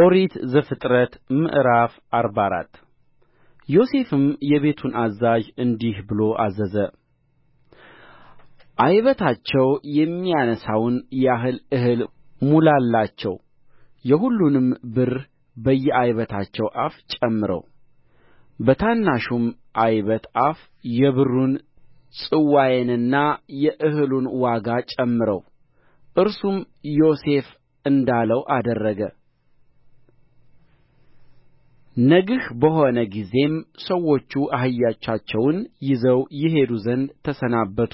ኦሪት ዘፍጥረት ምዕራፍ አርባ አራት ዮሴፍም የቤቱን አዛዥ እንዲህ ብሎ አዘዘ ዓይበታቸው የሚያነሣውን ያህል እህል ሙላላቸው የሁሉንም ብር በየዓይበታቸው አፍ ጨምረው በታናሹም ዓይበት አፍ የብሩን ጽዋዬንና የእህሉን ዋጋ ጨምረው እርሱም ዮሴፍ እንዳለው አደረገ ነግህ በሆነ ጊዜም ሰዎቹ አህዮቻቸውን ይዘው ይሄዱ ዘንድ ተሰናበቱ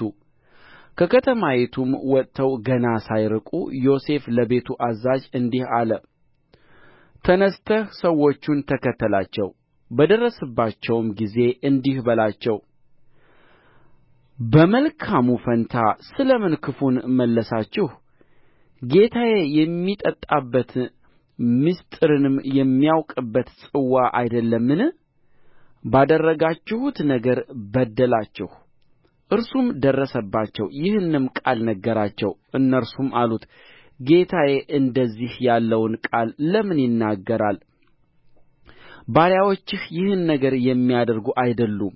ከከተማይቱም ወጥተው ገና ሳይርቁ ዮሴፍ ለቤቱ አዛዥ እንዲህ አለ ተነሥተህ ሰዎቹን ተከተላቸው በደረስህባቸውም ጊዜ እንዲህ በላቸው በመልካሙ ፋንታ ስለ ምን ክፉን መለሳችሁ ጌታዬ የሚጠጣበት ምሥጢርንም የሚያውቅበት ጽዋ አይደለምን ባደረጋችሁት ነገር በደላችሁ እርሱም ደረሰባቸው ይህንም ቃል ነገራቸው እነርሱም አሉት ጌታዬ እንደዚህ ያለውን ቃል ለምን ይናገራል ባሪያዎችህ ይህን ነገር የሚያደርጉ አይደሉም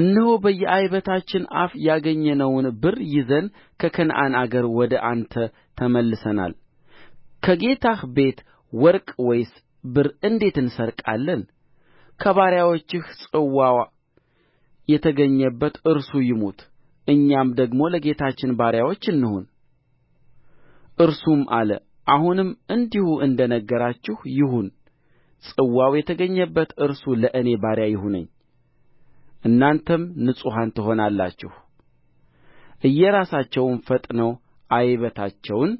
እነሆ በየዓይበታችን አፍ ያገኘነውን ብር ይዘን ከከነዓን አገር ወደ አንተ ተመልሰናል ከጌታህ ቤት ወርቅ ወይስ ብር እንዴት እንሰርቃለን ከባሪያዎችህ ጽዋ የተገኘበት እርሱ ይሙት እኛም ደግሞ ለጌታችን ባሪያዎች እንሁን እርሱም አለ አሁንም እንዲሁ እንደ ነገራችሁ ይሁን ጽዋው የተገኘበት እርሱ ለእኔ ባሪያ ይሁነኝ እናንተም ንጹሐን ትሆናላችሁ እየራሳቸውም ፈጥነው ዓይበታቸውን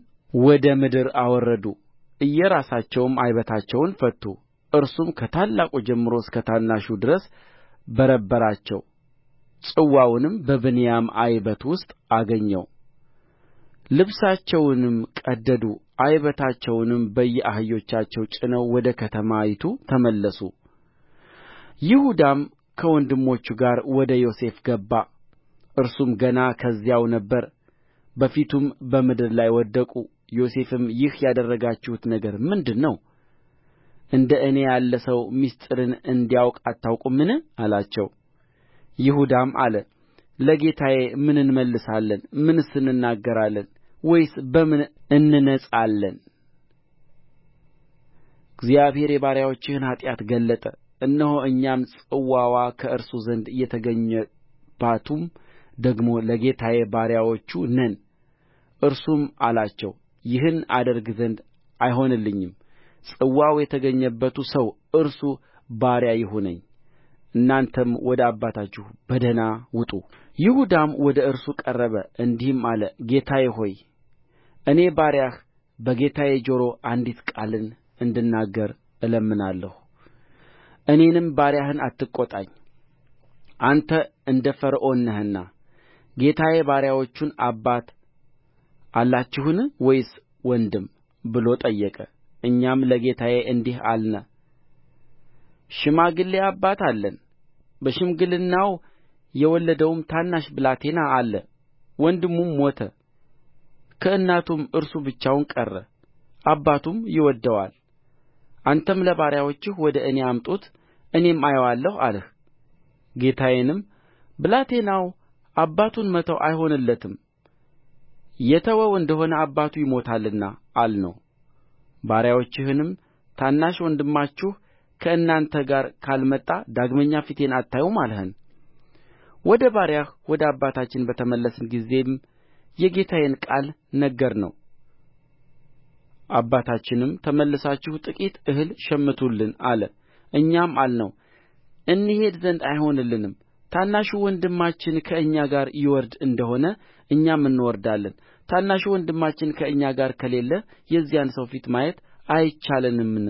ወደ ምድር አወረዱ እየራሳቸውም ዓይበታቸውን ፈቱ እርሱም ከታላቁ ጀምሮ እስከ ታናሹ ድረስ በረበራቸው ጽዋውንም በብንያም ዓይበት ውስጥ አገኘው ልብሳቸውንም ቀደዱ ዓይበታቸውንም በየአህዮቻቸው ጭነው ወደ ከተማይቱ ተመለሱ ይሁዳም ከወንድሞቹ ጋር ወደ ዮሴፍ ገባ እርሱም ገና ከዚያው ነበረ በፊቱም በምድር ላይ ወደቁ ዮሴፍም ይህ ያደረጋችሁት ነገር ምንድር ነው እንደ እኔ ያለ ሰው ምሥጢርን እንዲያውቅ አታውቁምን አላቸው ይሁዳም አለ ለጌታዬ ምን እንመልሳለን ምንስ እንናገራለን ወይስ በምን እንነጻለን እግዚአብሔር የባሪያዎችህን ኃጢአት ገለጠ እነሆ እኛም ጽዋዋ ከእርሱ ዘንድ የተገኘባቱም ደግሞ ለጌታዬ ባሪያዎቹ ነን እርሱም አላቸው ይህን አደርግ ዘንድ አይሆንልኝም ጽዋው የተገኘበቱ ሰው እርሱ ባሪያ ይሁነኝ እናንተም ወደ አባታችሁ በደኅና ውጡ ይሁዳም ወደ እርሱ ቀረበ እንዲህም አለ ጌታዬ ሆይ እኔ ባሪያህ በጌታዬ ጆሮ አንዲት ቃልን እንድናገር እለምናለሁ እኔንም ባሪያህን አትቈጣኝ አንተ እንደ ፈርዖን ነህና ጌታዬ ባሪያዎቹን አባት አላችሁን ወይስ ወንድም ብሎ ጠየቀ እኛም ለጌታዬ እንዲህ አልነ ሽማግሌ አባት አለን በሽምግልናው የወለደውም ታናሽ ብላቴና አለ ወንድሙም ሞተ ከእናቱም እርሱ ብቻውን ቀረ አባቱም ይወደዋል። አንተም ለባሪያዎችህ ወደ እኔ አምጡት እኔም አየዋለሁ አልህ ጌታዬንም ብላቴናው አባቱን መተው አይሆንለትም የተወው እንደ ሆነ አባቱ ይሞታልና አልነው ባሪያዎችህንም ታናሽ ወንድማችሁ ከእናንተ ጋር ካልመጣ ዳግመኛ ፊቴን አታዩም አልኸን ወደ ባሪያህ ወደ አባታችን በተመለስን ጊዜም የጌታዬን ቃል ነገርነው አባታችንም ተመልሳችሁ ጥቂት እህል ሸምቱልን አለ እኛም አልነው እንሄድ ዘንድ አይሆንልንም ታናሹ ወንድማችን ከእኛ ጋር ይወርድ እንደሆነ እኛም እንወርዳለን ታናሹ ወንድማችን ከእኛ ጋር ከሌለ የዚያን ሰው ፊት ማየት አይቻለንምን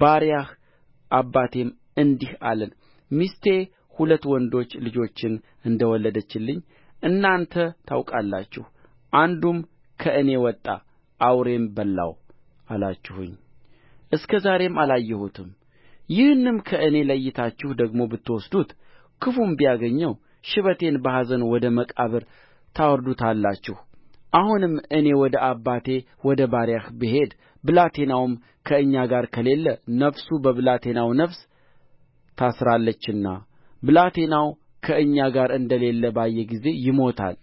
ባሪያህ አባቴም እንዲህ አለን ሚስቴ ሁለት ወንዶች ልጆችን እንደ ወለደችልኝ እናንተ ታውቃላችሁ አንዱም ከእኔ ወጣ አውሬም በላው አላችሁኝ እስከ ዛሬም አላየሁትም ይህንም ከእኔ ለይታችሁ ደግሞ ብትወስዱት ክፉም ቢያገኘው ሽበቴን በኀዘን ወደ መቃብር ታወርዱታላችሁ አሁንም እኔ ወደ አባቴ ወደ ባሪያህ ብሄድ ብላቴናውም ከእኛ ጋር ከሌለ ነፍሱ በብላቴናው ነፍስ ታስራለችና ብላቴናው ከእኛ ጋር እንደሌለ ባየ ጊዜ ይሞታል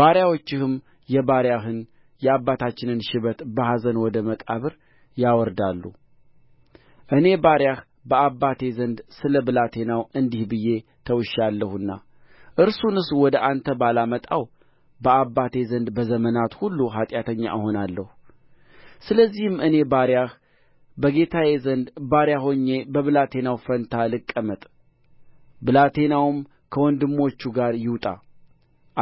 ባሪያዎችህም የባሪያህን የአባታችንን ሽበት በኀዘን ወደ መቃብር ያወርዳሉ እኔ ባሪያህ በአባቴ ዘንድ ስለ ብላቴናው እንዲህ ብዬ ተውሻለሁና እርሱንስ ወደ አንተ ባላመጣው በአባቴ ዘንድ በዘመናት ሁሉ ኃጢአተኛ እሆናለሁ ስለዚህም እኔ ባሪያህ በጌታዬ ዘንድ ባሪያ ሆኜ በብላቴናው ፋንታ ልቀመጥ ብላቴናውም ከወንድሞቹ ጋር ይውጣ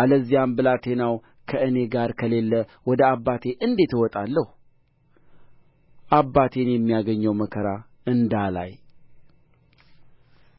አለዚያም ብላቴናው ከእኔ ጋር ከሌለ ወደ አባቴ እንዴት እወጣለሁ አባቴን የሚያገኘው መከራ እንዳላይ